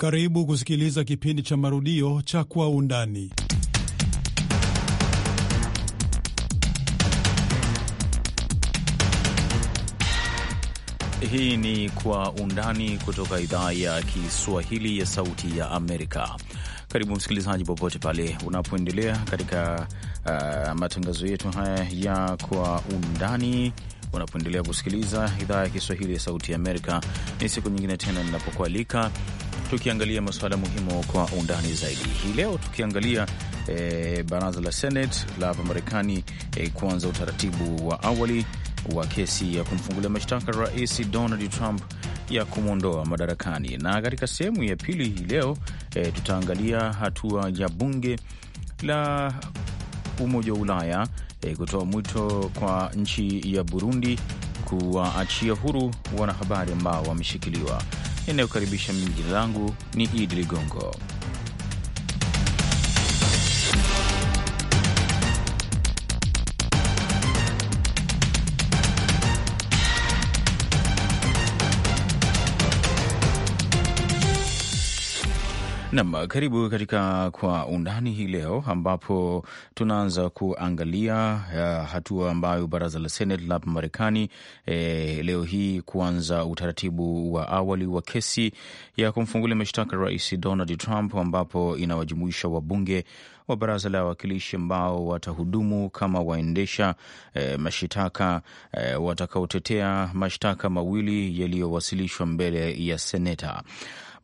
Karibu kusikiliza kipindi cha marudio cha Kwa Undani. Hii ni Kwa Undani kutoka idhaa ya Kiswahili ya Sauti ya Amerika. Karibu msikilizaji, popote pale unapoendelea katika uh, matangazo yetu haya ya Kwa Undani unapoendelea kusikiliza idhaa ya Kiswahili ya Sauti ya Amerika. Ni siku nyingine tena ninapokualika tukiangalia masuala muhimu kwa undani zaidi hii leo, tukiangalia e, baraza la Senate la hapa Marekani e, kuanza utaratibu wa awali wa kesi ya kumfungulia mashtaka Rais Donald Trump ya kumwondoa madarakani, na katika sehemu ya pili hii leo e, tutaangalia hatua ya bunge la Umoja wa Ulaya e, kutoa mwito kwa nchi ya Burundi kuwaachia huru wanahabari ambao wameshikiliwa inayokaribisha. Mimi jina langu ni Idi Ligongo Nam, karibu katika Kwa Undani hii leo, ambapo tunaanza kuangalia uh, hatua ambayo baraza la Senate la hapa Marekani eh, leo hii kuanza utaratibu wa awali wa kesi ya kumfungulia mashtaka Rais Donald Trump, ambapo inawajumuisha wabunge wa baraza la wawakilishi ambao watahudumu kama waendesha e, mashitaka e, watakaotetea mashtaka mawili yaliyowasilishwa mbele ya seneta.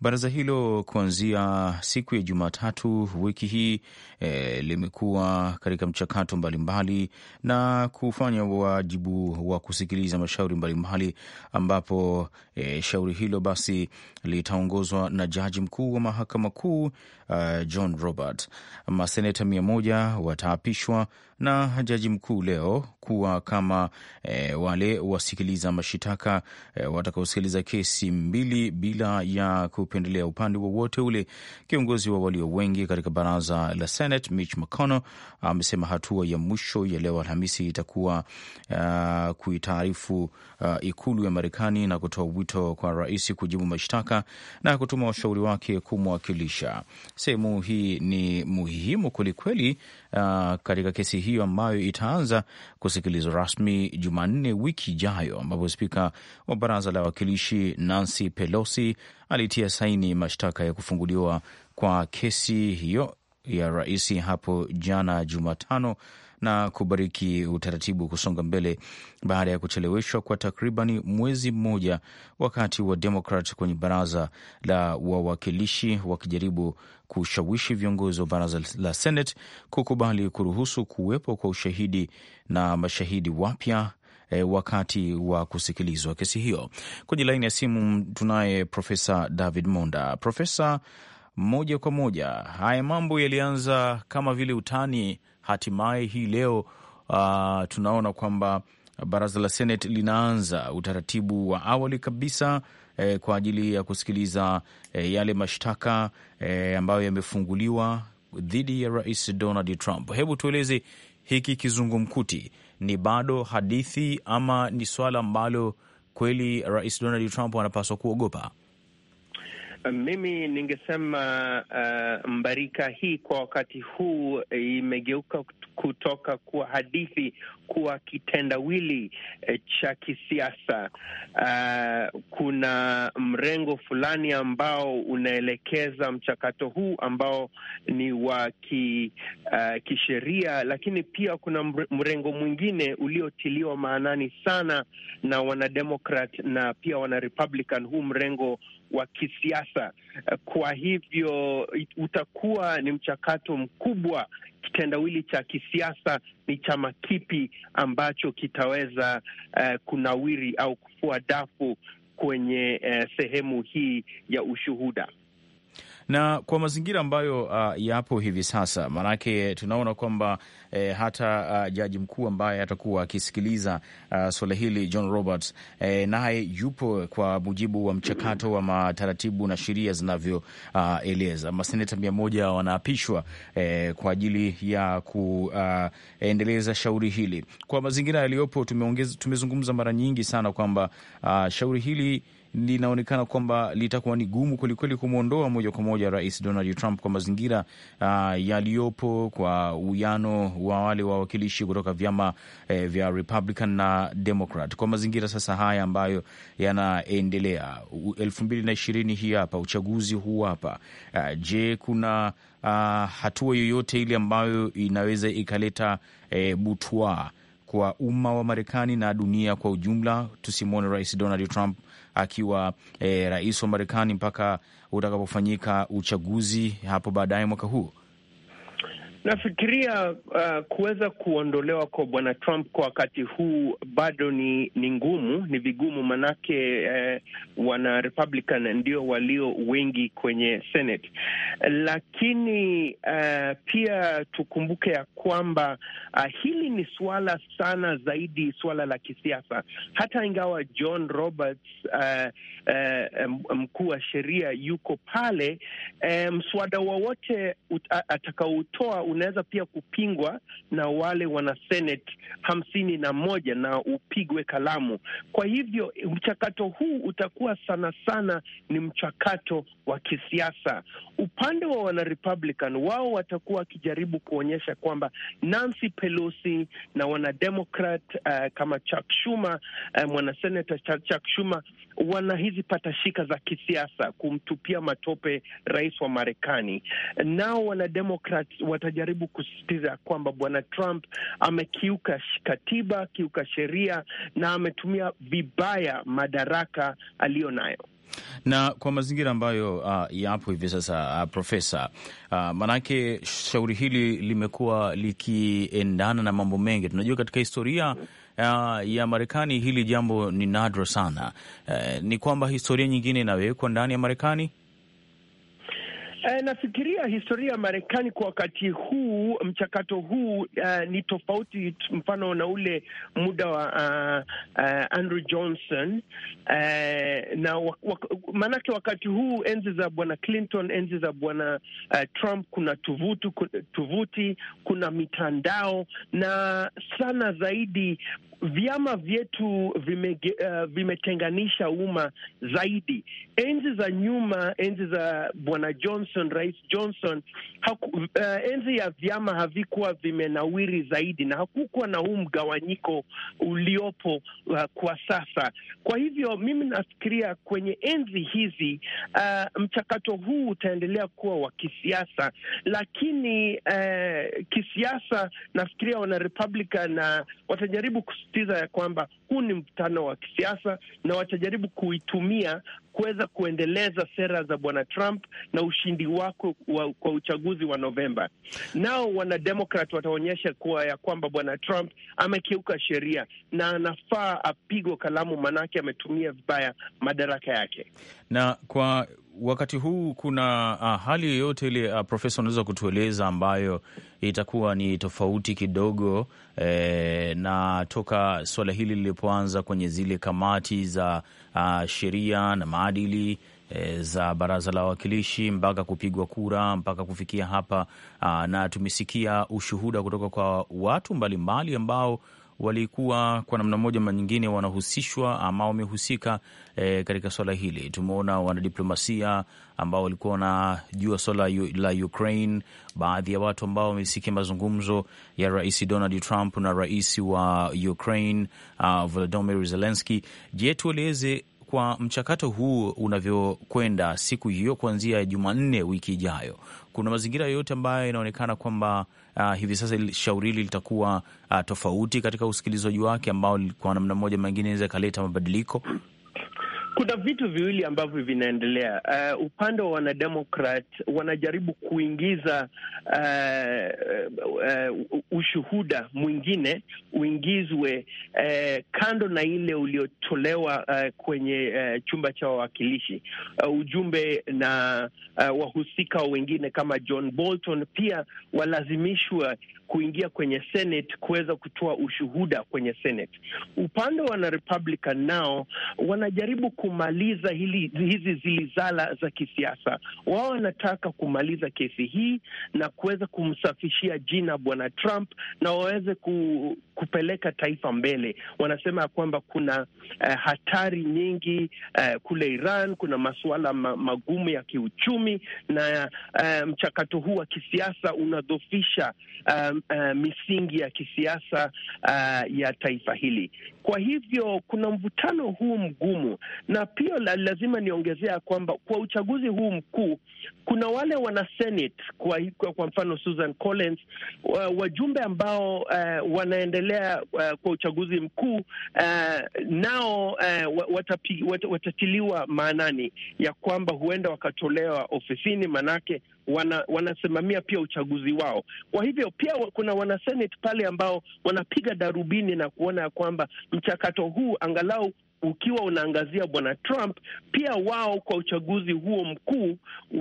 Baraza hilo kuanzia siku ya Jumatatu wiki hii e, limekuwa katika mchakato mbalimbali na kufanya wajibu wa kusikiliza mashauri mbalimbali, ambapo e, shauri hilo basi litaongozwa na jaji mkuu wa mahakama kuu uh, John Robert. Maseneta mia moja wataapishwa na jaji mkuu leo kuwa kama e, wale wasikiliza mashitaka e, watakaosikiliza kesi mbili bila ya kupendelea upande wowote ule. Kiongozi wa walio wengi katika baraza la Senate Mitch McConnell amesema hatua ya mwisho ya leo Alhamisi itakuwa uh, kuitaarifu uh, ikulu ya Marekani na kutoa wito kwa rais kujibu mashtaka na kutuma washauri wake kumwakilisha. Sehemu hii ni muhimu kwelikweli uh, katika kesi hiyo ambayo itaanza kusikilizwa rasmi Jumanne wiki ijayo, ambapo spika wa baraza la wawakilishi Nancy Pelosi alitia saini mashtaka ya kufunguliwa kwa kesi hiyo ya rais hapo jana Jumatano na kubariki utaratibu kusonga mbele baada ya kucheleweshwa kwa takribani mwezi mmoja, wakati wa Demokrat kwenye baraza la wawakilishi wakijaribu kushawishi viongozi wa baraza la Senate kukubali kuruhusu kuwepo kwa ushahidi na mashahidi wapya E, wakati wa kusikilizwa kesi hiyo. Kwenye laini ya simu tunaye Profesa David Monda. Profesa, moja kwa moja, haya mambo yalianza kama vile utani hatimaye hii leo uh, tunaona kwamba baraza la Senate linaanza utaratibu wa awali kabisa eh, kwa ajili ya kusikiliza eh, yale mashtaka eh, ambayo yamefunguliwa dhidi ya Rais Donald Trump. Hebu tueleze hiki kizungumkuti, ni bado hadithi ama ni swala ambalo kweli Rais Donald Trump anapaswa kuogopa? Mimi ningesema uh, mbarika hii kwa wakati huu imegeuka kutoka kuwa hadithi kuwa kitendawili eh, cha kisiasa. Uh, kuna mrengo fulani ambao unaelekeza mchakato huu ambao ni wa ki, uh, kisheria, lakini pia kuna mrengo mwingine uliotiliwa maanani sana na wanademokrat na pia wanarepublican, huu mrengo wa kisiasa. Kwa hivyo utakuwa ni mchakato mkubwa, kitendawili cha kisiasa ni chama kipi ambacho kitaweza uh, kunawiri au kufua dafu kwenye uh, sehemu hii ya ushuhuda na kwa mazingira ambayo uh, yapo hivi sasa, maanake tunaona kwamba eh, hata uh, jaji mkuu ambaye atakuwa akisikiliza uh, suala hili John Roberts eh, naye yupo kwa mujibu wa mchakato wa mataratibu na sheria zinavyoeleza. Uh, maseneta mia moja wanaapishwa eh, kwa ajili ya kuendeleza uh, shauri hili. Kwa mazingira yaliyopo, tumezungumza mara nyingi sana kwamba uh, shauri hili linaonekana kwamba litakuwa ni gumu kwelikweli kumwondoa moja kwa moja Rais Donald Trump kwa mazingira uh, yaliyopo, kwa uwiano wa wale wawakilishi kutoka vyama eh, vya Republican na Democrat, kwa mazingira sasa haya ambayo yanaendelea elfu mbili na ishirini hii hapa, uchaguzi huu hapa. Uh, je, kuna uh, hatua yoyote ile ambayo inaweza ikaleta eh, butwa kwa umma wa Marekani na dunia kwa ujumla, tusimwone Rais Donald Trump akiwa e, rais wa Marekani mpaka utakapofanyika uchaguzi hapo baadaye mwaka huu? Nafikiria uh, kuweza kuondolewa kwa bwana Trump kwa wakati huu bado ni ni ngumu, ni vigumu, manake eh, wana Republican ndio walio wengi kwenye Senate, lakini uh, pia tukumbuke ya kwamba uh, hili ni suala sana zaidi suala la kisiasa, hata ingawa John Roberts uh, uh, mkuu wa sheria yuko pale, uh, mswada um, wowote atakaoutoa unaweza pia kupingwa na wale wana senate hamsini na moja na upigwe kalamu. Kwa hivyo mchakato huu utakuwa sana sana ni mchakato wa kisiasa. Upande wa wana Republican, wao watakuwa wakijaribu kuonyesha kwamba Nancy Pelosi na wanademokrat uh, kama Chuck Schumer uh, mwanasenata Chuck Schumer wana hizi patashika za kisiasa kumtupia matope rais wa Marekani. Nao wanademokrat wata wanajaribu kusisitiza kwamba bwana Trump amekiuka katiba, akiuka sheria na ametumia vibaya madaraka aliyo nayo na kwa mazingira ambayo uh, yapo hivi sasa uh, Profesa uh, manake shauri hili limekuwa likiendana na mambo mengi. Tunajua katika historia uh, ya Marekani hili jambo ni nadra sana. Uh, ni kwamba historia nyingine inawekwa ndani ya Marekani E, nafikiria historia ya Marekani kwa wakati huu mchakato huu uh, ni tofauti mfano na ule muda wa uh, uh, Andrew Johnson uh, na wak maanake wakati huu enzi za bwana Clinton, enzi za bwana uh, Trump, kuna tuvutu, tuvuti, kuna mitandao na sana zaidi vyama vyetu eh, vimetenganisha uh, umma zaidi. Enzi za nyuma, enzi za bwana Johnson, rais Johnson haku, uh, enzi ya vyama havikuwa vimenawiri zaidi na hakukuwa na huu mgawanyiko uliopo uh, kwa sasa. Kwa hivyo mimi nafikiria kwenye enzi hizi uh, mchakato huu utaendelea kuwa wa kisiasa, lakini uh, kisiasa nafikiria wana Republican na watajaribu kusisitiza ya kwamba huu ni mkutano wa kisiasa na watajaribu kuitumia kuweza kuendeleza sera za bwana Trump na ushindi wako wa, kwa uchaguzi wa Novemba. Nao wanademokrat wataonyesha kuwa ya kwamba bwana Trump amekiuka sheria na anafaa apigwe kalamu, manake ametumia vibaya madaraka yake na kwa wakati huu kuna uh, hali yoyote ile uh, profesa, unaweza kutueleza ambayo itakuwa ni tofauti kidogo eh, na toka suala hili lilipoanza kwenye zile kamati za uh, sheria na maadili eh, za baraza la wawakilishi mpaka kupigwa kura mpaka kufikia hapa na tumesikia ushuhuda kutoka kwa watu mbalimbali ambao walikuwa kwa namna moja ama nyingine wanahusishwa ama wamehusika e, katika swala hili. Tumeona wanadiplomasia ambao walikuwa wanajua swala la Ukraine, baadhi ya watu ambao wamesikia mazungumzo ya Rais Donald Trump na rais wa Ukraine uh, Volodymyr Zelensky. Je, tueleze kwa mchakato huu unavyokwenda, siku hiyo kuanzia Jumanne wiki ijayo, kuna mazingira yoyote ambayo inaonekana kwamba uh, hivi sasa shauri hili litakuwa uh, tofauti katika usikilizaji wake ambao kwa namna moja mengine inaweza ikaleta mabadiliko? Kuna vitu viwili ambavyo vinaendelea. Uh, upande wa wanademokrat wanajaribu kuingiza uh, uh, ushuhuda mwingine uingizwe uh, kando na ile uliotolewa uh, kwenye uh, chumba cha wawakilishi uh, ujumbe na uh, wahusika wengine kama John Bolton pia walazimishwa kuingia kwenye Senate kuweza kutoa ushuhuda kwenye Senate. Upande wa wanarepublican nao wanajaribu kumaliza hili, hizi zilizala za kisiasa. Wao wanataka kumaliza kesi hii na kuweza kumsafishia jina bwana Trump na waweze ku, kupeleka taifa mbele. Wanasema ya kwamba kuna eh, hatari nyingi eh, kule Iran, kuna masuala ma, magumu ya kiuchumi na eh, mchakato huu wa kisiasa unadhofisha eh, uh, misingi ya kisiasa uh, ya taifa hili. Kwa hivyo kuna mvutano huu mgumu, na pia lazima niongezea kwamba kwa uchaguzi huu mkuu kuna wale wana Senate, kwa, kwa, kwa mfano Susan Collins, wajumbe ambao uh, wanaendelea uh, kwa uchaguzi mkuu uh, nao uh, wat, watatiliwa maanani ya kwamba huenda wakatolewa ofisini manake wana, wanasimamia pia uchaguzi wao. Kwa hivyo pia kuna wanaseneti pale ambao wanapiga darubini na kuona ya kwamba mchakato huu angalau ukiwa unaangazia bwana Trump, pia wao kwa uchaguzi huo mkuu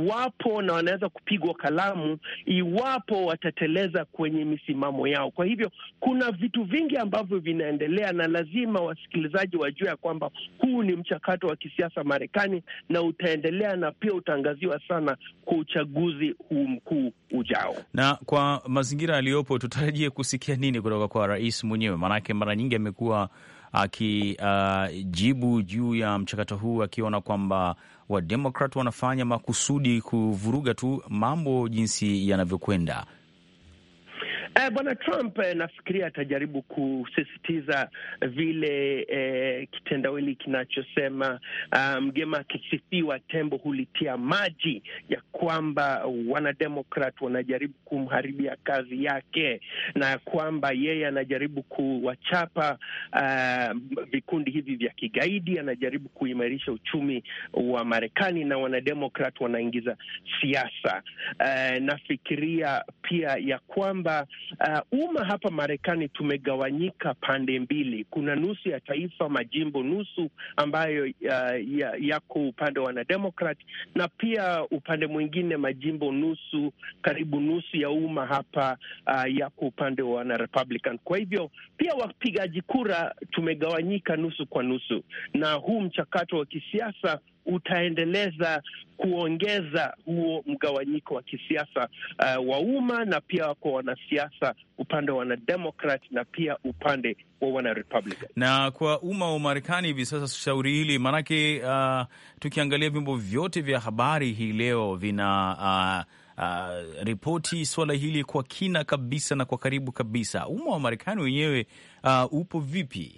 wapo na wanaweza kupigwa kalamu iwapo watateleza kwenye misimamo yao. Kwa hivyo kuna vitu vingi ambavyo vinaendelea, na lazima wasikilizaji wajue ya kwamba huu ni mchakato wa kisiasa Marekani na utaendelea na pia utaangaziwa sana kwa uchaguzi huu mkuu ujao. Na kwa mazingira yaliyopo, tutarajie kusikia nini kutoka kwa rais mwenyewe? Maanake mara nyingi amekuwa akijibu uh, juu ya mchakato huu akiona kwamba Wademokrat wanafanya makusudi kuvuruga tu mambo jinsi yanavyokwenda. Eh, Bwana Trump eh, nafikiria atajaribu kusisitiza vile eh, kitendawili kinachosema ah, mgema um, akisifiwa tembo hulitia maji, ya kwamba wanademokrat wanajaribu kumharibia kazi yake na kwamba yeye anajaribu kuwachapa uh, vikundi hivi vya kigaidi, anajaribu kuimarisha uchumi wa Marekani na wanademokrat wanaingiza siasa. Uh, nafikiria pia ya kwamba Uh, umma hapa Marekani tumegawanyika pande mbili. Kuna nusu ya taifa, majimbo nusu ambayo uh, yako ya upande wa wanademokrat, na pia upande mwingine majimbo nusu, karibu nusu ya umma hapa uh, yako upande wa wanarepublican. Kwa hivyo pia wapigaji kura tumegawanyika nusu kwa nusu, na huu mchakato wa kisiasa utaendeleza kuongeza huo mgawanyiko wa kisiasa uh, wa umma na pia kwa wanasiasa upande wa wanademokrat na pia upande wa wanarepublican. Na kwa umma wa Marekani hivi sasa shauri hili maanake, uh, tukiangalia vyombo vyote vya habari hii leo vina uh, Uh, ripoti swala hili kwa kina kabisa na kwa karibu kabisa. Umma wa Marekani wenyewe uh, upo vipi?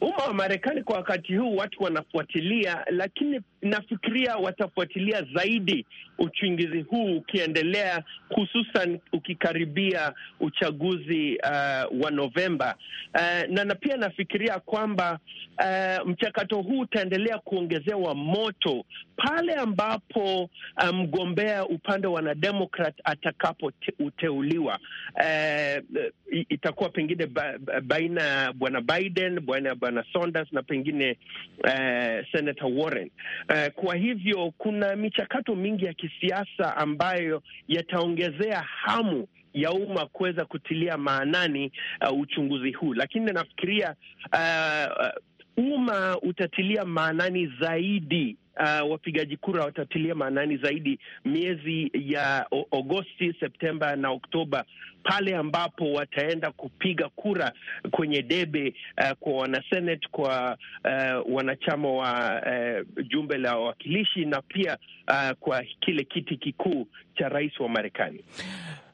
Umma wa Marekani kwa wakati huu watu wanafuatilia, lakini nafikiria watafuatilia zaidi uchunguzi huu ukiendelea, hususan ukikaribia uchaguzi uh, wa Novemba uh, na na pia nafikiria kwamba uh, mchakato huu utaendelea kuongezewa moto pale ambapo uh, mgombea um, upande wa wanademokrat atakapouteuliwa Uh, itakuwa pengine ba, baina ya bwana Biden bwana bwana Sanders na pengine eh, Senator Warren eh, kwa hivyo kuna michakato mingi ya kisiasa ambayo yataongezea hamu ya umma kuweza kutilia maanani uh, uchunguzi huu, lakini nafikiria uh, umma utatilia maanani zaidi Uh, wapigaji kura watatilia maanani zaidi miezi ya Agosti, Septemba na Oktoba pale ambapo wataenda kupiga kura kwenye debe uh, kwa wanasenate, kwa uh, wanachama wa uh, jumbe la wawakilishi na pia uh, kwa kile kiti kikuu cha rais wa Marekani.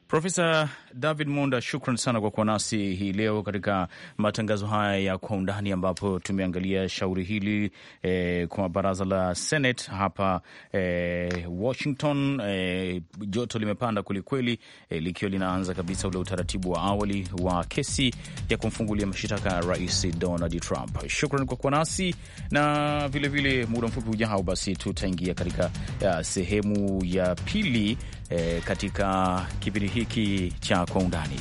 Profesa David munda shukran sana kwa kuwa nasi hii leo katika matangazo haya ya kwa undani, ambapo tumeangalia shauri hili eh, kwa baraza la Senate hapa eh, Washington. Eh, joto limepanda kwelikweli, eh, likiwa linaanza kabisa ule utaratibu wa awali wa kesi ya kumfungulia mashitaka ya Rais Donald Trump. Shukran kwa kuwa nasi na vilevile, muda mfupi ujao, basi tutaingia katika eh, sehemu ya pili Eh, katika kipindi hiki cha Kwa Undani.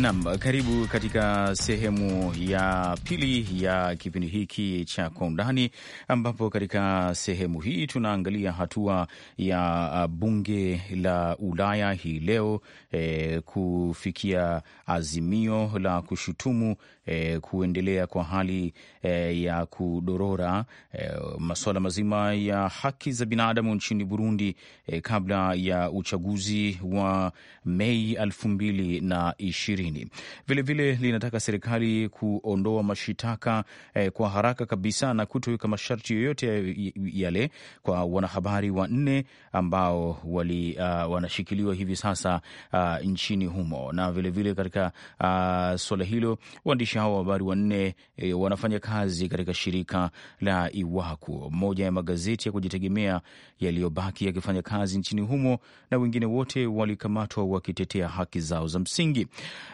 Nam, karibu katika sehemu ya pili ya kipindi hiki cha Kwa Undani, ambapo katika sehemu hii tunaangalia hatua ya uh, bunge la Ulaya hii leo e, kufikia azimio la kushutumu e, kuendelea kwa hali e, ya kudorora e, masuala mazima ya haki za binadamu nchini Burundi e, kabla ya uchaguzi wa Mei elfu mbili na ishirini. Vilevile linataka serikali kuondoa mashitaka e, kwa haraka kabisa na kutoweka masharti yoyote yale kwa wanahabari wanne ambao wali, uh, wanashikiliwa hivi sasa uh, nchini humo na vilevile katika uh, ah, suala hilo waandishi waandishi hao wa habari wanne e, wanafanya kazi katika shirika la iwaku moja ya magazeti ya kujitegemea yaliyobaki yakifanya kazi nchini humo, na wengine wote walikamatwa wakitetea haki zao za msingi.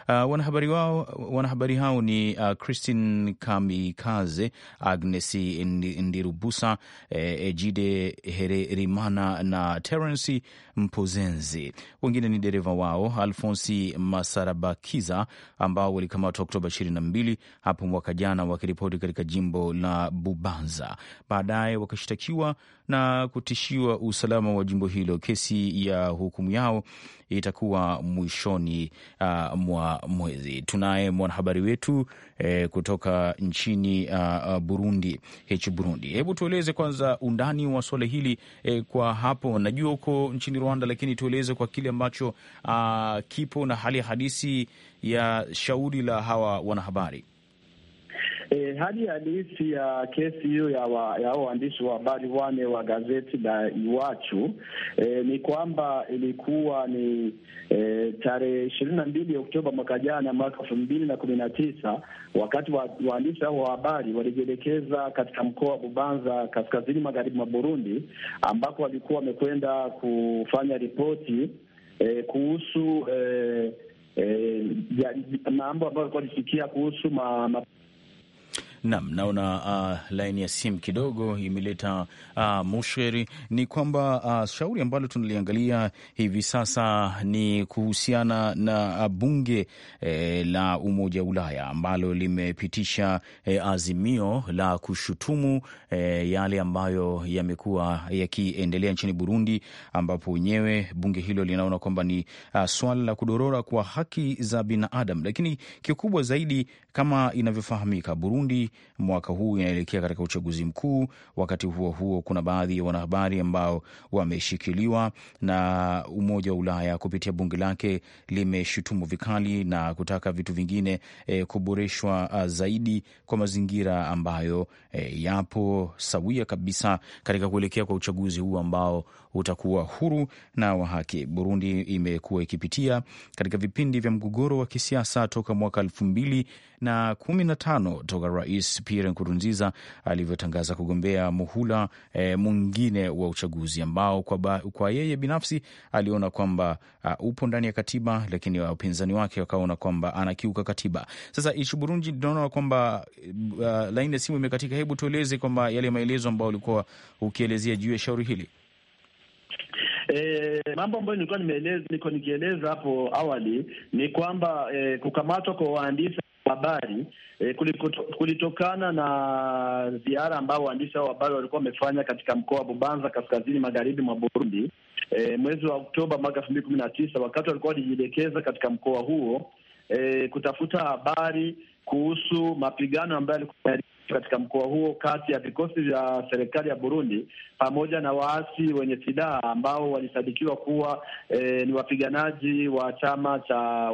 Uh, wanahabari wao, wanahabari hao ni uh, Christine Kamikaze, Agnes Ndirubusa, eh, Ejide Hererimana na Terence Mpozenzi. Wengine ni dereva wao Alfonsi Masarabakiza ambao walikamatwa Oktoba mbili hapo mwaka jana, wakiripoti katika jimbo la Bubanza. Baadaye wakashtakiwa na kutishiwa usalama wa jimbo hilo. Kesi ya hukumu yao itakuwa mwishoni uh, mwa mwezi. Tunaye mwanahabari wetu eh, kutoka nchini uh, uh Burundi h Burundi, hebu tueleze kwanza undani wa suala hili eh, kwa hapo, najua huko nchini Rwanda, lakini tueleze kwa kile ambacho uh, kipo na hali hadisi ya shauri la hawa wanahabari. E, hali halisi ya kesi hiyo ya ya waandishi wa habari wane wa gazeti la Iwachu e, ni kwamba ilikuwa ni e, tarehe ishirini na mbili Oktoba mwaka jana mwaka elfu mbili na kumi na tisa wakati wa, waandishi hao wa habari walijielekeza katika mkoa wa Bubanza kaskazini magharibi mwa Burundi ambako walikuwa wamekwenda kufanya ripoti e, kuhusu e, e, mambo ambayo walikuwa walifikia kuhusu ma, ma Nam, naona uh, laini ya simu kidogo imeleta uh, musheri. Ni kwamba uh, shauri ambalo tunaliangalia hivi sasa ni kuhusiana na uh, bunge eh, la Umoja wa Ulaya ambalo limepitisha eh, azimio la kushutumu eh, yale ambayo yamekuwa yakiendelea nchini Burundi, ambapo wenyewe bunge hilo linaona kwamba ni uh, swala la kudorora kwa haki za binadamu, lakini kikubwa zaidi kama inavyofahamika Burundi mwaka huu inaelekea katika uchaguzi mkuu. Wakati huo huo, kuna baadhi ya wanahabari ambao wameshikiliwa na Umoja wa Ulaya kupitia bunge lake limeshutumu vikali na kutaka vitu vingine e, kuboreshwa ah, zaidi kwa mazingira ambayo e, yapo sawia kabisa katika kuelekea kwa uchaguzi huu ambao utakuwa huru na wa haki. Burundi imekuwa ikipitia katika vipindi vya mgogoro wa kisiasa toka mwaka elfu mbili na kumi na tano toka Rais Pierre Nkurunziza alivyotangaza kugombea muhula e, mwingine wa uchaguzi ambao kwa, ba, kwa yeye binafsi aliona kwamba uh, upo ndani ya katiba, lakini wapinzani wake wakaona kwamba anakiuka katiba. Sasa ishu Burundi, tunaona kwamba uh, laini ya simu imekatika. Hebu tueleze kwamba yale maelezo ambayo ulikuwa ukielezea juu ya shauri hili. E, mambo ambayo nilikuwa nimeeleza, niko nikieleza hapo awali ni kwamba e, kukamatwa kwa waandishi habari e, kulitokana na ziara ambao waandishi hao habari walikuwa wamefanya katika mkoa wa Bubanza kaskazini magharibi mwa Burundi e, mwezi wa Oktoba mwaka elfu mbili kumi na tisa wakati walikuwa walijielekeza katika mkoa huo e, kutafuta habari kuhusu mapigano ambayo yalikuwa katika mkoa huo kati ya vikosi vya serikali ya Burundi pamoja na waasi wenye silaha ambao walisadikiwa kuwa e, ni wapiganaji wa chama cha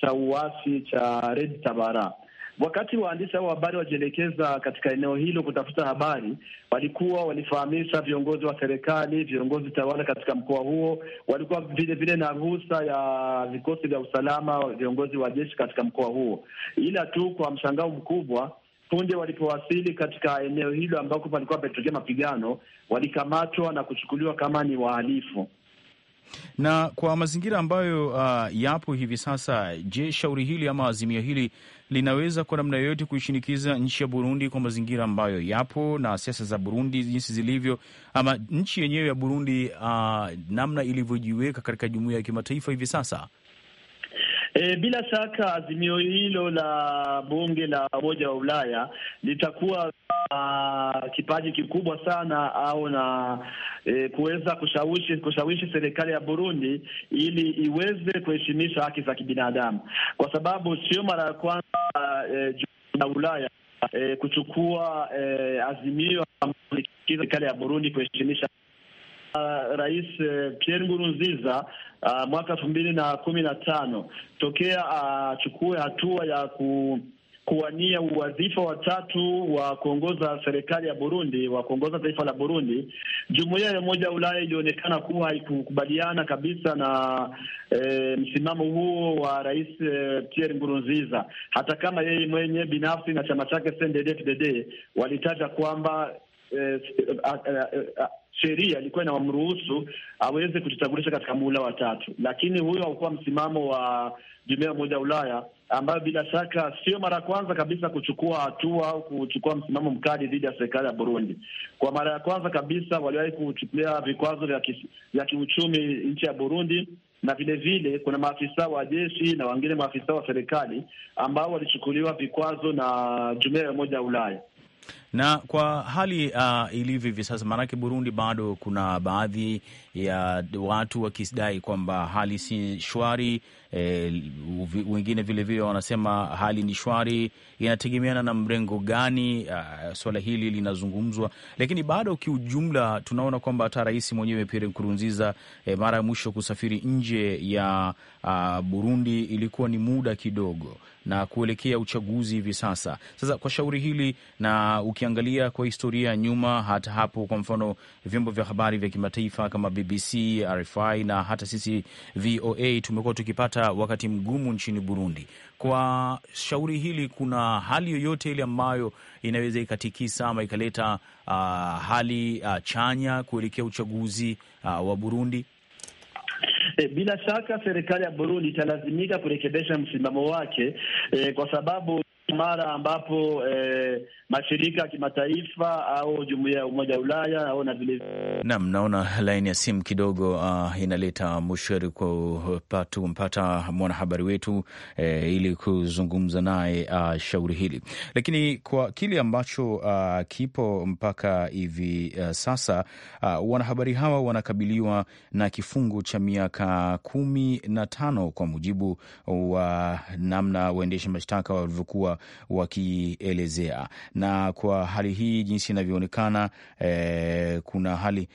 cha uasi cha Red Tabara. Wakati waandishi hao wa habari wajielekeza katika eneo hilo kutafuta habari, walikuwa walifahamisha viongozi wa serikali, viongozi tawala katika mkoa huo, walikuwa vile vile na ruhusa ya vikosi vya usalama, viongozi wa jeshi katika mkoa huo, ila tu kwa mshangao mkubwa punde walipowasili katika eneo hilo ambako palikuwa pametokea mapigano, walikamatwa na kuchukuliwa kama ni wahalifu. Na kwa mazingira ambayo uh, yapo hivi sasa, je, shauri hili ama azimio hili linaweza kwa namna yoyote kuishinikiza nchi ya Burundi kwa mazingira ambayo yapo na siasa za Burundi jinsi zilivyo, ama nchi yenyewe ya Burundi uh, namna ilivyojiweka katika jumuiya ya kimataifa hivi sasa? E, bila shaka azimio hilo la bunge la Umoja wa Ulaya litakuwa Uh, kipaji kikubwa sana au na e, kuweza kushawishi kushawishi serikali ya Burundi ili iweze kuheshimisha haki za kibinadamu, kwa sababu sio mara ya kwanza e, na Ulaya e, kuchukua e, azimio serikali ya Burundi kuheshimisha Uh, Rais uh, Pierre Nkurunziza uh, mwaka elfu mbili na kumi na tano tokea uh, achukue uh, hatua ya ku kuwania uwadhifa watatu wa kuongoza serikali ya Burundi, wa kuongoza taifa la Burundi, jumuiya ya Umoja wa Ulaya ilionekana kuwa haikukubaliana kabisa na e, msimamo huo wa Rais e, Pierre Nkurunziza, hata kama yeye mwenye binafsi na chama chake CNDD-FDD walitaja kwamba e, a, a, a, sheria ilikuwa inawamruhusu aweze kujitambulisha katika muhula wa tatu, lakini huyo haukuwa msimamo wa jumuiya ya Umoja wa Ulaya ambayo bila shaka sio mara ya kwanza kabisa kuchukua hatua au kuchukua msimamo mkali dhidi ya serikali ya Burundi. Kwa mara ya kwanza kabisa waliwahi kuchukulia vikwazo vya kiuchumi nchi ya Burundi, na vilevile vile kuna maafisa wa jeshi na wengine maafisa wa serikali ambao walichukuliwa vikwazo na jumuiya ya Umoja wa Ulaya. Na kwa hali uh, ilivyo hivi sasa, maanake Burundi bado kuna baadhi ya watu wakidai kwamba hali si shwari e, wengine vilevile wanasema hali ni shwari, inategemeana na mrengo gani uh, swala hili linazungumzwa, lakini bado kiujumla tunaona kwamba hata rais mwenyewe Pierre Nkurunziza e, mara ya mwisho kusafiri nje ya uh, Burundi ilikuwa ni muda kidogo na kuelekea uchaguzi hivi sasa. Sasa kwa shauri hili, na ukiangalia kwa historia nyuma, hata hapo, kwa mfano, vyombo vya habari vya kimataifa kama BBC, RFI na hata sisi VOA tumekuwa tukipata wakati mgumu nchini Burundi. Kwa shauri hili, kuna hali yoyote ile ambayo inaweza ikatikisa ama ikaleta uh, hali uh, chanya kuelekea uchaguzi uh, wa Burundi? E, bila shaka serikali ya Burundi italazimika kurekebisha msimamo wake e, kwa sababu mara ambapo eh, mashirika ya kimataifa au jumuiya ya Umoja wa Ulaya au na vile nam, naona laini ya simu kidogo uh, inaleta mushari kwa mpata mwanahabari wetu eh, ili kuzungumza naye uh, shauri hili, lakini kwa kile ambacho uh, kipo mpaka hivi uh, sasa uh, wanahabari hawa wanakabiliwa na kifungo cha miaka kumi na tano kwa mujibu wa namna waendesha mashtaka walivyokuwa wakielezea. Na kwa hali hii jinsi inavyoonekana, eh, kuna hali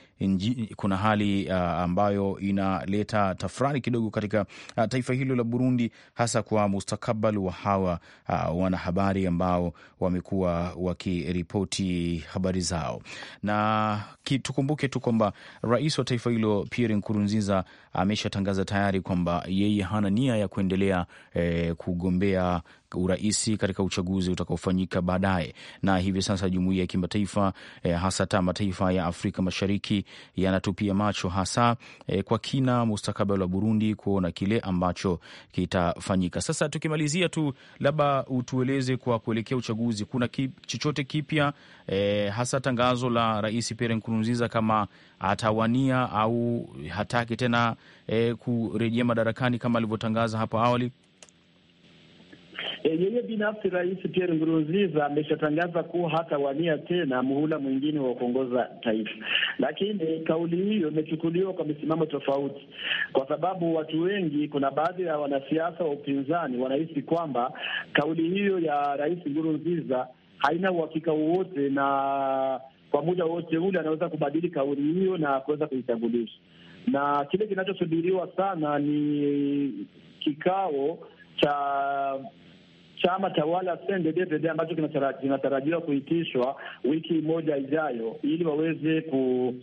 kuna hali uh, ambayo inaleta tafrani kidogo katika uh, taifa hilo la Burundi, hasa kwa mustakabali wa hawa uh, wanahabari ambao wamekuwa wakiripoti habari zao, na tukumbuke tu kwamba rais wa taifa hilo Pierre Nkurunziza ameshatangaza tayari kwamba yeye hana nia ya kuendelea eh, kugombea uraisi katika uchaguzi utakaofanyika baadaye. Na hivi sasa jumuiya ya kimataifa e, hasa ta mataifa ya Afrika Mashariki yanatupia macho hasa e, kwa kina mustakabali wa Burundi kuona kile ambacho kitafanyika. Sasa tukimalizia tu, labda utueleze kwa kuelekea uchaguzi, kuna kip, chochote kipya e, hasa tangazo la Rais Pierre Nkurunziza kama atawania au hataki tena e, kurejea madarakani kama alivyotangaza hapo awali? Eh, yeye binafsi Rais Pierre Nkurunziza ameshatangaza kuwa hata wania tena muhula mwingine wa kuongoza taifa, lakini kauli hiyo imechukuliwa kwa misimamo tofauti, kwa sababu watu wengi, kuna baadhi ya wanasiasa wa upinzani wanahisi kwamba kauli hiyo ya Rais Nkurunziza haina uhakika wowote na kwa muda wote ule anaweza kubadili kauli hiyo na kuweza kuitambulisha. Na kile kinachosubiriwa sana ni kikao cha chama tawala CNDD-FDD ambacho kinatarajiwa kuitishwa wiki moja ijayo, ili waweze ku,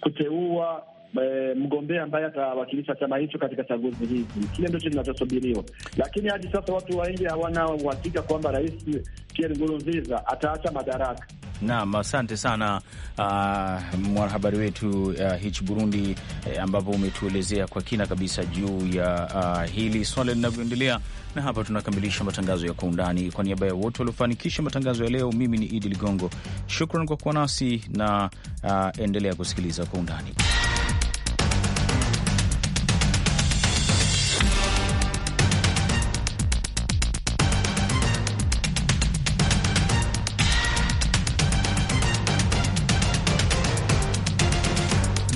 kuteua Eh, mgombea ambaye atawakilisha chama hicho katika chaguzi hizi. Kile ndicho kinachosubiriwa, lakini hadi sasa watu wengi hawana uhakika kwamba Rais Pierre Nkurunziza ataacha madaraka. Naam, asante sana uh, mwanahabari wetu uh, ah, Hich Burundi eh, ambapo umetuelezea kwa kina kabisa juu ya uh, hili swala linavyoendelea. Na hapa tunakamilisha matangazo ya Kwa Undani. Kwa niaba ya wote waliofanikisha matangazo ya leo, mimi ni Idi Ligongo, shukran kwa kuwa nasi na uh, endelea kusikiliza Kwa Undani.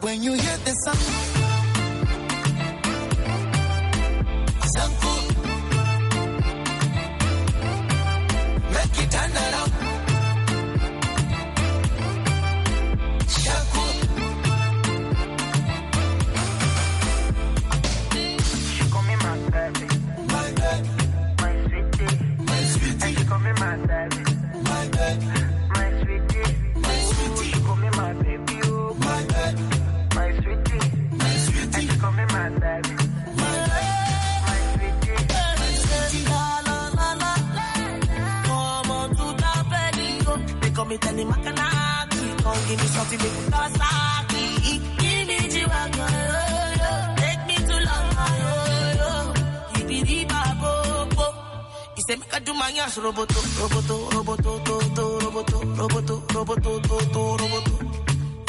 When you hear the sound Make it turn around me tell him I can act. Come give me something, make me lost heart. Give me G-Wagon. say make I do my ass roboto, roboto, roboto, to, to, roboto, roboto, roboto, to, to, roboto.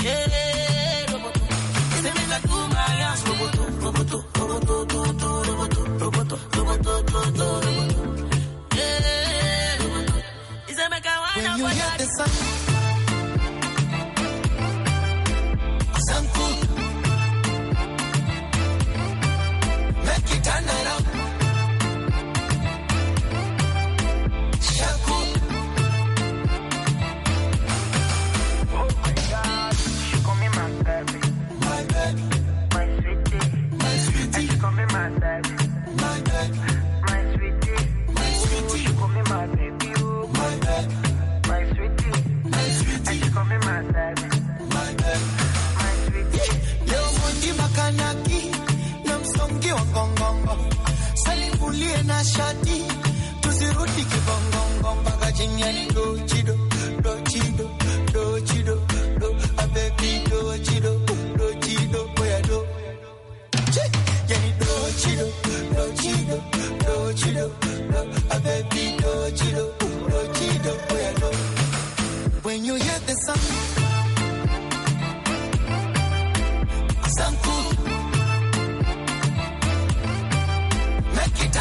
Yeah, roboto. Say make I do my ass roboto, roboto, roboto, to, to, roboto, roboto, roboto, to, to. you got the sun. kanaki na msongi wa na shati tuzirudi kibongongo mpaka chini ya do do yani do oya do when you hear the sound Some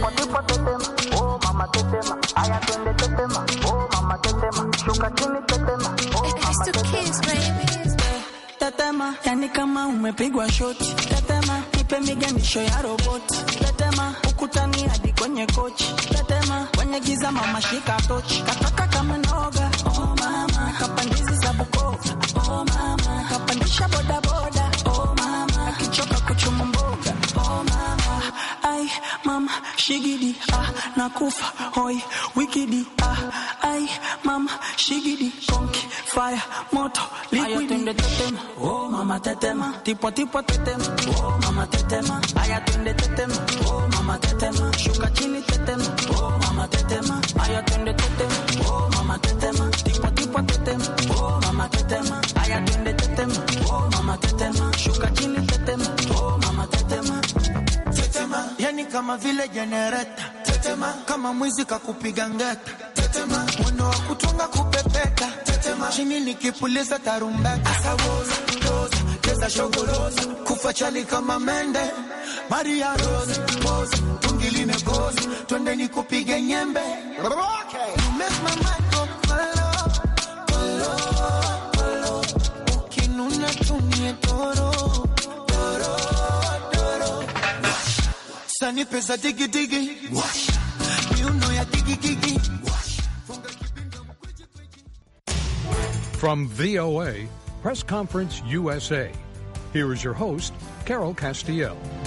Hapo ndipo tetema, oh mama tetema, aya twende tetema, oh mama tetema, shuka chini tetema, oh mama tetema. Tetema, yani kama umepigwa shoti. Tetema, ipe miganisho ya roboti. Tetema, ukutani hadi kwenye kochi. Tetema, kwenye giza mama shika tochi. Kataka kama noga shigidi ah, nakufa hoi wikidi ah, ai mama shigidi konki fire moto liquidi oh mama tetema tipo tipo tetema oh mama tetema aya twende tetema oh mama tetema shuka vile jenereta tetema, kama mwizi kakupiga ngeta tetema, mwendo wa kutunga kupepeta tetema, chini nikipuliza tarumbeta asawoza ndoza cheza shongoloza kufa chali kama mende Maria Rose pose tungilime pose twende nikupige nyembe okay. unanipeza digi digi. digi From VOA, Press Conference USA. Here is your host, Carol Castillo.